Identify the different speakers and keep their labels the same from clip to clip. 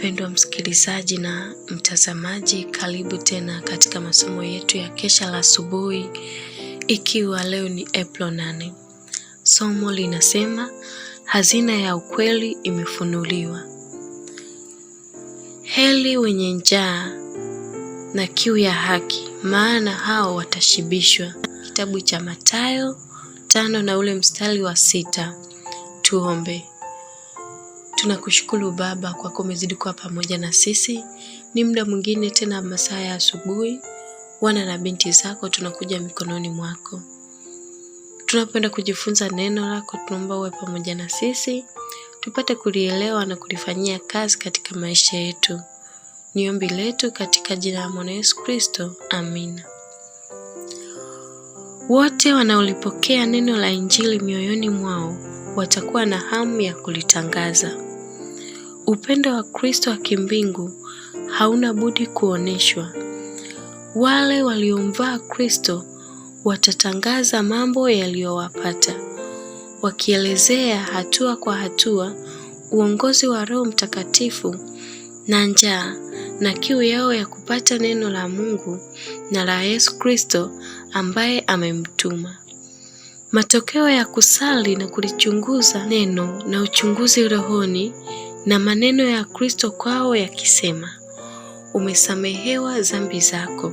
Speaker 1: Mpendwa msikilizaji na mtazamaji, karibu tena katika masomo yetu ya kesha la asubuhi, ikiwa leo ni April 8. Somo linasema hazina ya ukweli imefunuliwa. heli wenye njaa na kiu ya haki, maana hao watashibishwa. Kitabu cha matayo tano na ule mstari wa sita. Tuombe. Tunakushukuru Baba kwako umezidi kuwa pamoja na sisi. Ni muda mwingine tena, masaa ya asubuhi, wana na binti zako tunakuja mikononi mwako, tunapenda kujifunza neno lako. Tunaomba uwe pamoja na sisi tupate kulielewa na kulifanyia kazi katika maisha yetu. Ni ombi letu katika jina la mwana Yesu Kristo, amina. Wote wanaolipokea neno la Injili mioyoni mwao watakuwa na hamu ya kulitangaza. Upendo wa Kristo wa kimbingu hauna budi kuonyeshwa. Wale waliomvaa Kristo watatangaza mambo yaliyowapata, wakielezea hatua kwa hatua uongozi wa Roho Mtakatifu na njaa na kiu yao ya kupata neno la Mungu na la Yesu Kristo ambaye amemtuma. Matokeo ya kusali na kulichunguza neno na uchunguzi rohoni na maneno ya Kristo kwao yakisema, umesamehewa dhambi zako.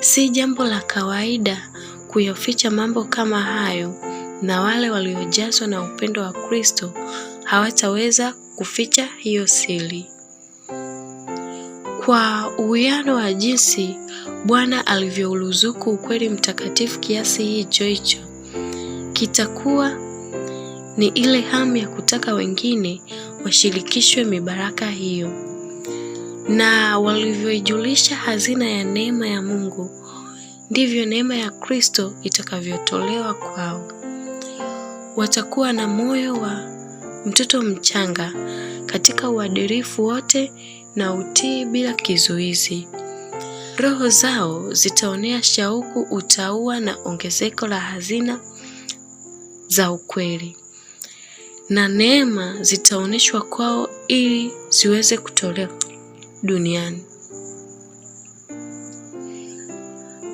Speaker 1: Si jambo la kawaida kuyaficha mambo kama hayo, na wale waliojazwa na upendo wa Kristo hawataweza kuficha hiyo siri. Kwa uwiano wa jinsi Bwana alivyouluzuku ukweli mtakatifu kiasi hicho hicho, kitakuwa ni ile hamu ya kutaka wengine washirikishwe mibaraka hiyo, na walivyoijulisha hazina ya neema ya Mungu, ndivyo neema ya Kristo itakavyotolewa kwao. Watakuwa na moyo wa mtoto mchanga katika uadilifu wote na utii bila kizuizi. Roho zao zitaonea shauku, utaua na ongezeko la hazina za ukweli na neema zitaonyeshwa kwao ili ziweze kutolewa duniani.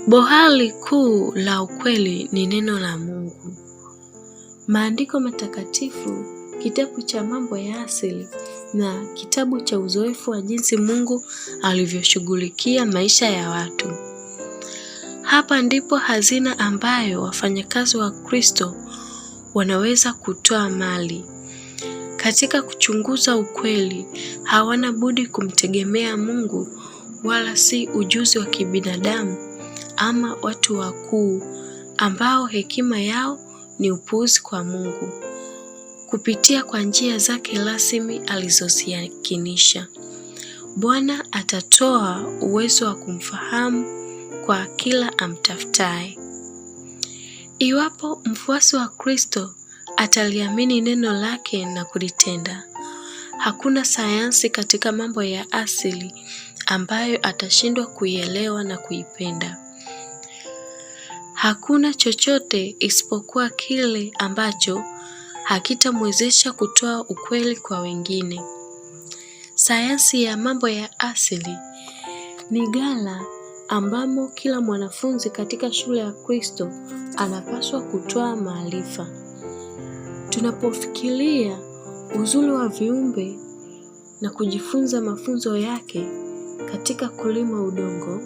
Speaker 1: Bohari kuu la ukweli ni neno la Mungu. Maandiko Matakatifu, kitabu cha mambo ya asili na kitabu cha uzoefu wa jinsi Mungu alivyoshughulikia maisha ya watu. Hapa ndipo hazina ambayo wafanyakazi wa Kristo wanaweza kutoa mali. Katika kuchunguza ukweli, hawana budi kumtegemea Mungu wala si ujuzi wa kibinadamu ama watu wakuu ambao hekima yao ni upuuzi kwa Mungu kupitia kwa njia zake rasmi alizoziakinisha. Bwana atatoa uwezo wa kumfahamu kwa kila amtafutaye. Iwapo mfuasi wa Kristo ataliamini neno lake na kulitenda, hakuna sayansi katika mambo ya asili ambayo atashindwa kuielewa na kuipenda. Hakuna chochote isipokuwa kile ambacho hakitamwezesha kutoa ukweli kwa wengine. Sayansi ya mambo ya asili ni ghala ambamo kila mwanafunzi katika shule ya Kristo anapaswa kutoa maarifa. Tunapofikiria uzuri wa viumbe na kujifunza mafunzo yake katika kulima udongo,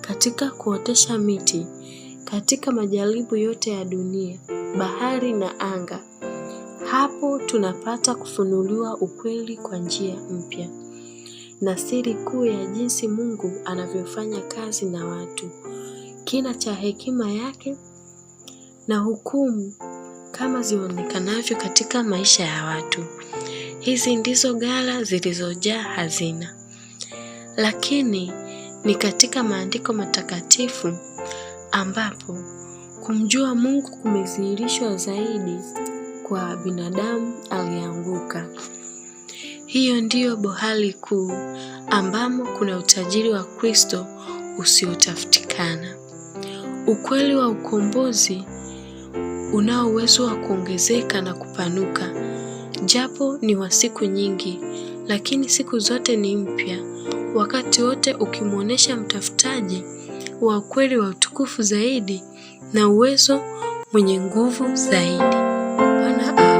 Speaker 1: katika kuotesha miti, katika majaribu yote ya dunia, bahari na anga, hapo tunapata kufunuliwa ukweli kwa njia mpya na siri kuu ya jinsi Mungu anavyofanya kazi na watu, kina cha hekima yake na hukumu kama zionekanavyo katika maisha ya watu. Hizi ndizo ghala zilizojaa hazina. Lakini ni katika maandiko matakatifu ambapo kumjua Mungu kumedhihirishwa zaidi kwa binadamu alianguka hiyo ndiyo bohari kuu ambamo kuna utajiri wa Kristo usiotafutikana, ukweli wa ukombozi unao uwezo wa kuongezeka na kupanuka, japo ni wa siku nyingi, lakini siku zote ni mpya, wakati wote ukimwonyesha mtafutaji wa ukweli wa utukufu zaidi na uwezo mwenye nguvu zaidi. Bwana